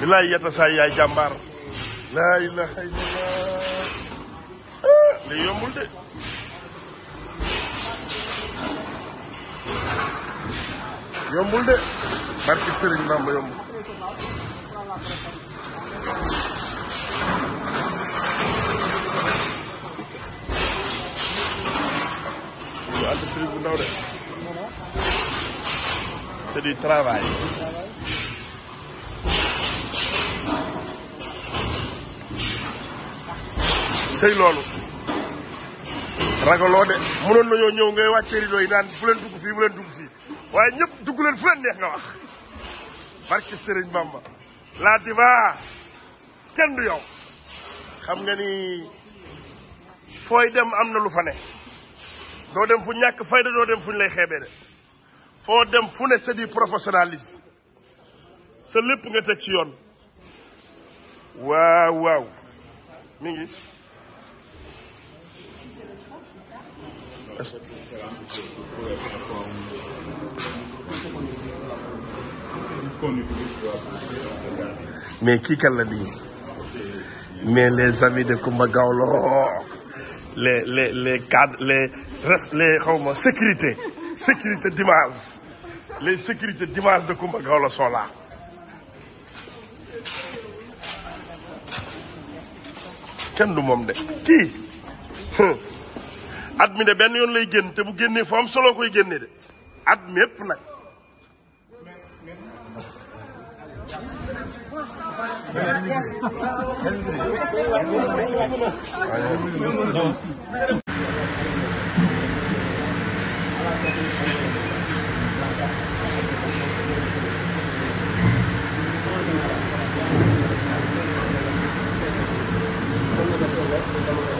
bilaay yetta saay yaay jàmbaar laa ilaha illallah ah, li yombul de yombul de barki sëriñ Bamba yombul entreprise bu ndaw de c'est du travail sëy loolu ragaloo de mënoon nañoo ñëw ngay wàccee rido yi naan bu leen dugg fii bu leen dugg fii waaye ñëpp dugg leen fu leen neex nga wax barke Sëriñ Bamba la diva kenn du yow xam nga ni fooy dem am na lu fane doo dem fu ñàkk fayda doo dem fu ñu lay xeebee de foo dem fu ne c'est du sa lépp nga teg ci yoon waaw waaw mi ngi mais qui qu'elle la dit mais les amis de Kumbagaolo, les cadres les res les sécurité sécurité dimanche les sécurités dimanche de Kumbagaolo sont là Qui hum. at mi de ben yon lay genn te bu genné fo am solo koy genné de at mepp nak Thank you.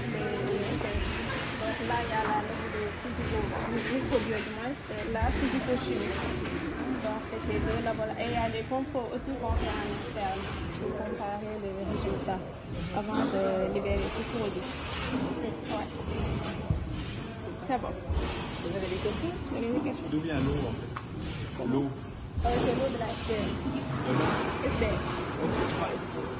Donc là, il y a la lèvre de physico, moins, la physico-chimie. Donc c'est ces deux là-bas. Et il y a des contrôles aussi contre un en externe pour comparer les résultats avant de libérer tout produit. Ouais. C'est bon. Vous avez des questions Vous avez des questions D'où vient l'eau en fait L'eau. Euh, c'est l'eau de la terre. C'est. l'eau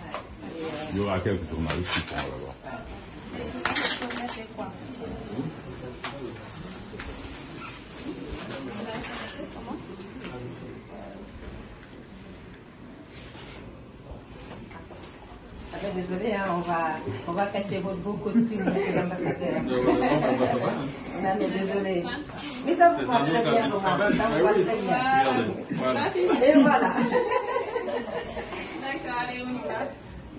Il y aura quelques journalistes qui seront là-bas. Ah ben, désolé, hein, on, va, on va cacher votre beau aussi, monsieur l'ambassadeur. non, mais désolé. Mais ça vous va très bien, Romain. Ça vous va très bien. Voilà. Et voilà. D'accord, allez, on y va.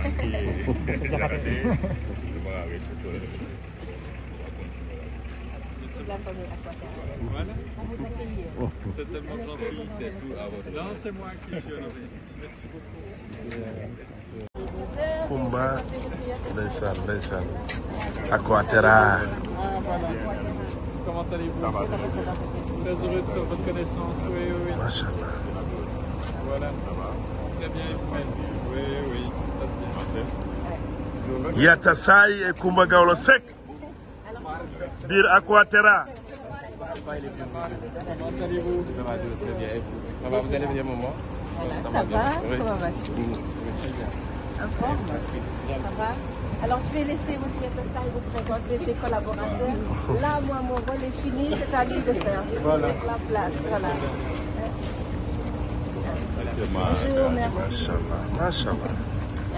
C'est c'est moi qui suis Merci beaucoup. Comment allez-vous Très heureux de votre connaissance, oui, oui. Voilà, bien, Oui, oui yata e saay ça va vous Seck biir Aquaterra Ça va Comment vas-tu En forme Ça va Alors, je vais laisser aussi Yatasai vous présenter ses collaborateurs. Là, moi, mon rôle est fini, c'est à lui de faire. Voilà. La place, voilà. Bonjour, merci. Machallah,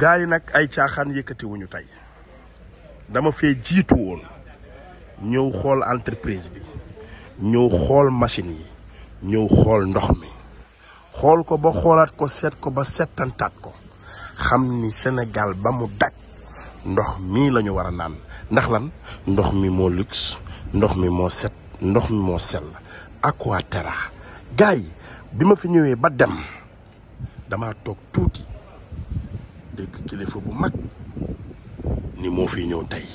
gaa yi nag ay caaxaan yëkkatiwuñu tey dama fee jiitu woon ñëw xool entreprise bi ñëw xool machine yi ñëw xool ndox mi xool ko ba xoolaat ko seet ko ba settantaat ko xam ni senegal ba mu daj ndox mii la ñu war a naan ndax lan ndox mi moo luxe ndox mi moo set ndox mi moo sell Aquaterra gars yi bi ma fi ñëwee ba dem dama toog tuuti dégg kilifa bu mag ni moo fi ñëw tey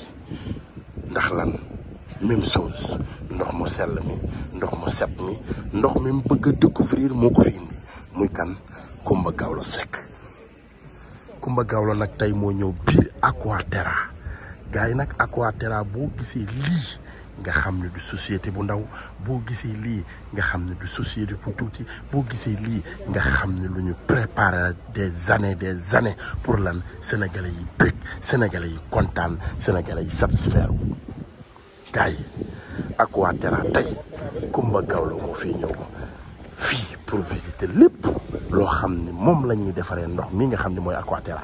ndax lan même chose ndox mu sell mi ndox mu set mi ndox mi mu bëgg a découvrir moo ko fi indi muy kan Kumba Gawlo Seck Kumba Gawlo nag tey moo ñëw biir Aquaterra gars yi nag Aquaterra boo gisee lii nga xam du société bu ndaw bo gisé li nga xam du société pour touti bo gisé li nga xam ne ñu des années des années pour lan sénégalais yi bëgg sénégalais yi kontaan sénégalais yi satisfaire wu ak wa Terra tey Kumba Gawlo mo fi ñëw fi pour visiter lepp loo xam ne moom la ñuy defaree ndox mii nga xam ne mooy Aquaterra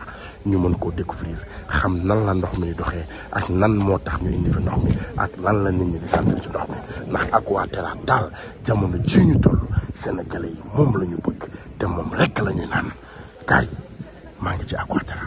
ñu mën koo découvrir xam nan la ndox mi di doxee ak nan moo tax ñu indi fi ndox mi ak lan la nit ñi di sant ci ndox mi ndax Aquaterra daal jamono ji ñu toll Sénégalais yi moom la ñu bëgg te moom rekk la ñuy naan yi maa ngi ci Aquaterra